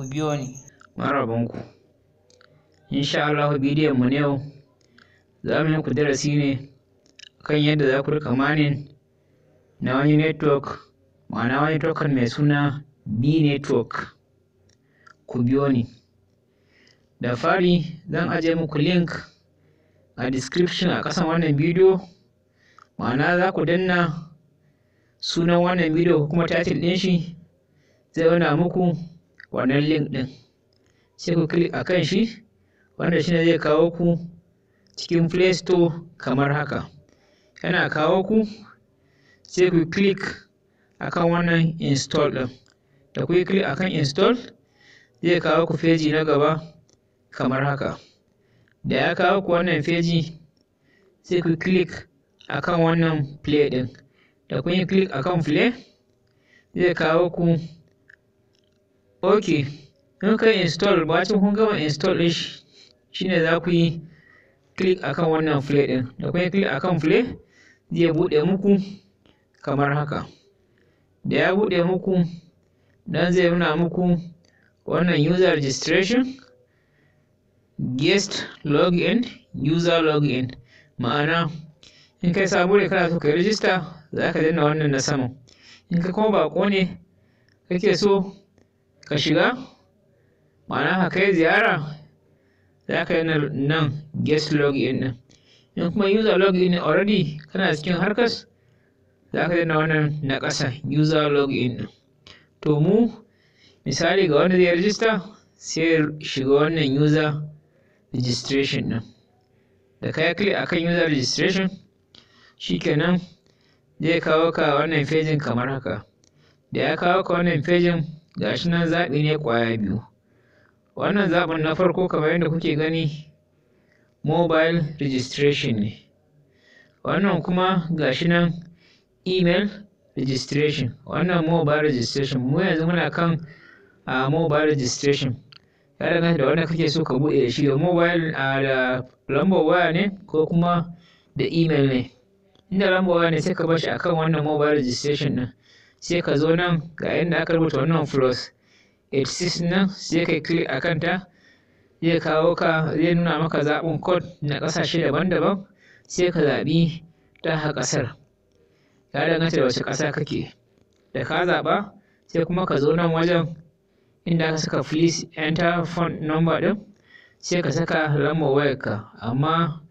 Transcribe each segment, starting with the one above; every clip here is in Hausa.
ku biyo ni. Marabanku. Insha Allah bidiyon mu yau za mu yi ku darasi ne kan yadda za ku rika manin na wani network ma'ana wani token mai suna B network. Ku biyo ni. Da fari zan ajiye muku link a description a ƙasan wannan bidiyo ma'ana za ku danna sunan wannan bidiyo kuma title ɗin shi zai wana muku wannan link ɗin sai ku click a kan shi wanda shi ne zai kawo ku cikin play store kamar haka yana kawo ku sai ku click akan wannan install ɗin da ku yi click akan install zai kawo ku feji na gaba kamar haka da ya kawo ku wannan feji sai ku click akan wannan play ɗin da kun yi click akan play zai kawo ku ok in ka install bacin kun gama install din shi shine za ku yi click akan wannan play din, da kun yi click akan play zai buɗe muku kamar haka da ya buɗe muku dan zai nuna muku wannan user registration guest login user login ma'ana in kai sabo ne kana so ka register za ka danna wannan na saman in ka kuma bako ne kake so ka shiga ma'ana ka kai ziyara za ka yi nan guest login ɗin in kuma user login already kana cikin harkas za ka na wannan na ƙasa user login ɗin to mu misali ga wanda zai rajista sai ya shiga wannan user registration ɗin da ka yi a akan user registration shikenan zai kawo ka wannan fejin kamar haka da ya kawo ka wannan fejin gashi nan zaɓi ne ƙwaya biyu wannan zaɓin na farko kamar yadda kuke gani mobile registration ne wannan kuma gashi nan email registration wannan mobile registration mu yanzu muna kan a mobile registration ya danganta da wanda kake so ka buɗe da shi da mobile a da lambar waya ne ko kuma da email ne inda lambar waya ne sai ka bashi akan wannan mobile registration din sai ka zo nan ga inda aka rubuta wannan flows 86 nan sai ka click a kanta zai kawo ka zai nuna maka zaɓin code na ƙasashe daban-daban sai ka zaɓi ta ƙasar ya danganta da wace ƙasa kake da ka zaɓa sai kuma ka zo nan wajen inda ka saka please enter phone number ɗin sai ka saka lambar wayarka amma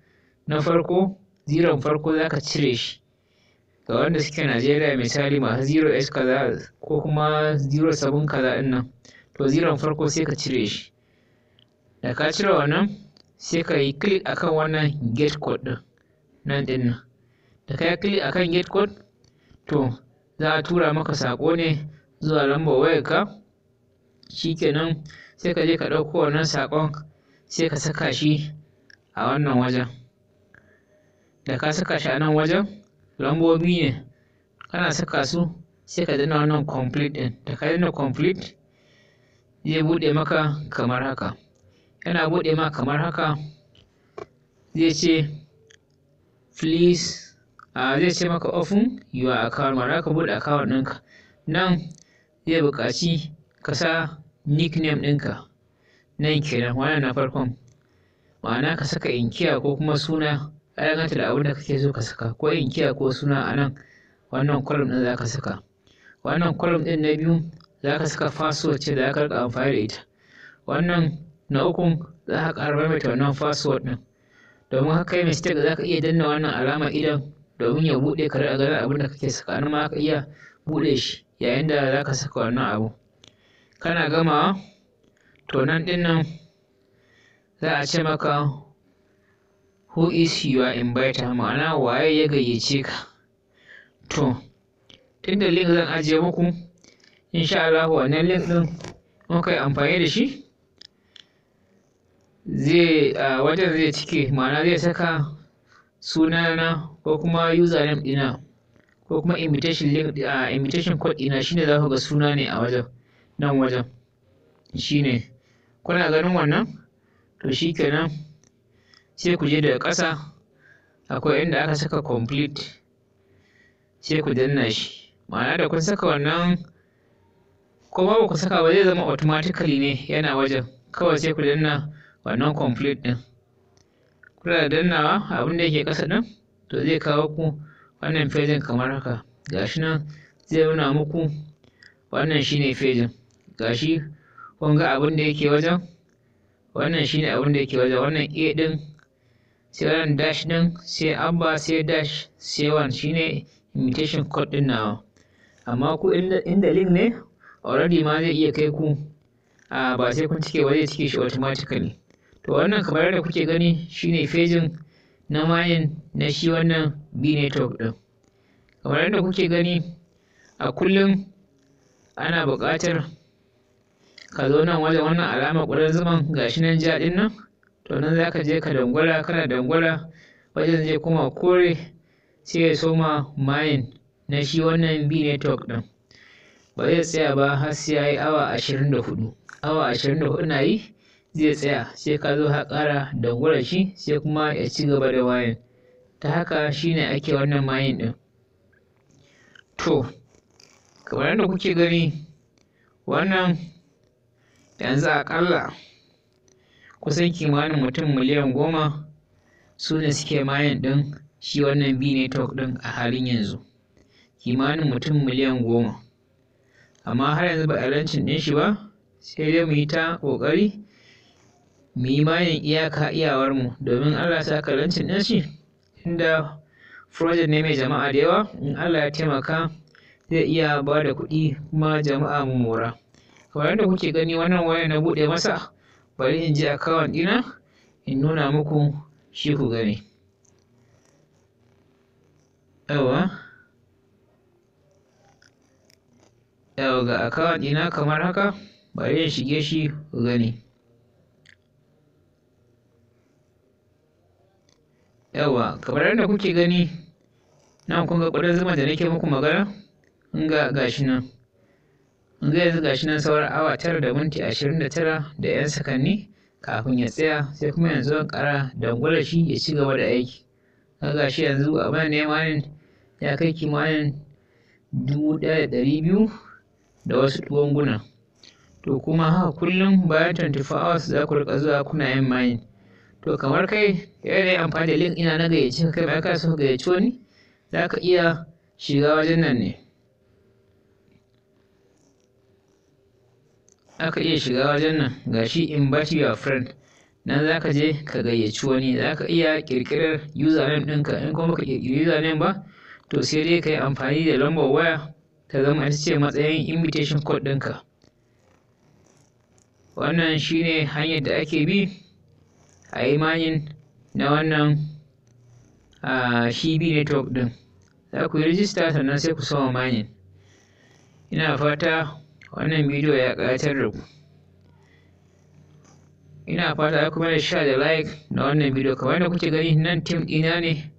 na farko ziron farko za ka cire shi ga wanda suke Najeriya misali masu zero s kaza ko kuma zero sabon kaza ɗin nan to ziron farko sai ka cire shi da ka cire wannan sai ka yi click akan wannan get code ɗin nan ɗin nan da ka yi click akan get code to za a tura maka sako ne zuwa lambar wayarka shikenan sai ka je ka ɗauko wannan sakon sai ka saka shi a wannan wajen da ka saka shi a nan wajen lambobi ne kana saka su sai ka danna wannan complete ɗin da ka danna complete zai buɗe maka kamar haka yana buɗe maka kamar haka zai ce please a zai ce maka often your account mara ka buɗe account ɗinka nan zai buƙaci ka sa nickname ɗinka nan kenan wannan na farkon ma'ana ka saka inkiya ko kuma suna ya danganta da abin da kake so ka saka ko inkiya ko suna a nan wannan column ɗin za ka saka wannan column ɗin na biyu za ka saka password ce da aka ka amfani da ita wannan na ukun za ka mai maimaita wannan password ɗin domin haka yi mistake za ka iya danna wannan alama idan domin ya buɗe ka a ga abin da kake saka an ma ka iya buɗe shi yayin da za ka saka wannan abu kana gamawa to nan ɗin nan za a ce maka who is your inviter ma'ana waye ya gayyace ka to tunda link zan ajiye muku insha Allah wannan link din muka amfani da shi zai wajen zai cike ma'ana zai saka sunana ko kuma username dina ko kuma invitation link invitation code dina shine za ku ga suna ne a wajen nan wajen shine kuna ganin wannan to shikenan sai ku je daga ƙasa akwai inda aka saka complete sai ku danna shi ma'ana da kun saka wannan ko ba ku saka ba zai zama automatically ne yana wajen kawai sai ku danna wannan complete din kuna da dannawa abin da yake ƙasa din to zai kawo ku wannan fejin kamar haka gashi nan zai nuna muku wannan shine fejin gashi kun ga abin da yake wajen wannan shine abin da yake wajen wannan a din sai wannan dash din sai abba sai dash sai one shine imitation code din nawa amma ku inda link ne already ma zai iya kai ku a ba sai kun cike ba zai cike shi automatically to wannan kamar da kuke gani shine fejin na mayan na shi wannan b network din kamar yadda kuke gani a kullum ana buƙatar ka zo nan wajen wannan alamar ƙudan zuman gashi nan ja ɗin nan to nan za ka je ka dangwala kana dangwala wajen zai kuma kore sai ya soma mayin na shi wannan b network ɗin ba zai tsaya ba har sai ya yi awa ashirin da hudu awa ashirin da hudu na yi zai tsaya sai ka zo ka ƙara dangwala shi sai kuma ya ci gaba da wayan ta haka shine ake wannan mayin ɗin to kamar yadda kuke gani wannan yanzu aƙalla kusan kimanin mutum miliyan goma su ne suke mayan ɗin shi wannan b network ɗin a halin yanzu kimanin mutum miliyan goma amma har yanzu ba a rancin ɗin shi ba sai dai mu yi ta ƙoƙari mu yi mayan iyaka iyawarmu domin allah sa ka ɗin shi inda project ne mai jama'a da yawa in allah ya taimaka zai iya ba da kuɗi kuma jama'a mu mora kamar yadda kuke gani wannan waya na buɗe masa bari in je account ɗina in nuna muku shi ku gani yawa yawa ga account ɗina kamar haka bari in shige shi ku gani yawa kamar yadda kuke gani nan kun ga zuma da nake muku magana in ga gashi nan zai zuga gashi nan sauran awa tara da minti ashirin da tara da 'yan sakanni kafin ya tsaya sai kuma yanzu kara dangwala shi ya ci gaba da aiki kaga shi yanzu a bayan nemanin ya kai kimanin dubu ɗaya da ɗari biyu da wasu tuwon to kuma haka kullum bayan 24 hours za ku rika zuwa kuna yin mayin to kamar kai yanayin amfani da link ina na gayyace kai ba ka so gayyace wani za ka iya shiga wajen nan ne aka iya shiga wajen nan ga gashi invite your friend nan za ka je ka gayyaci wani za ka iya kirkirar username ɗinka in kuma ka kirkiri username ba to sai dai ka yi amfani da lambar waya ta zama ita ce matsayin invitation code ɗinka wannan shine hanyar da ake bi a imanin na wannan shibi network ɗin za ku yi rijista sannan sai ku sama manin ina fata wannan bidiyo ya ƙayatar da ku ina fata kuma da sha da like na wannan bidiyo kamar yadda kuke gani nan tim ɗina ne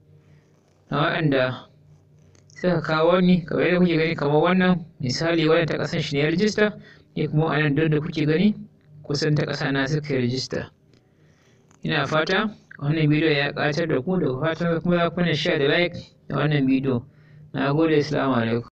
na waɗanda suka kawo ni kamar yadda kuke gani kamar wannan misali wannan ta ƙasan shi ne rijista ne kuma a nan da kuke gani kusan ta ƙasa na suka yi rijista ina fata wannan bidiyo ya ƙayatar da ku da fata kuma za ku sha da like da wannan bidiyo na gode assalamu alaikum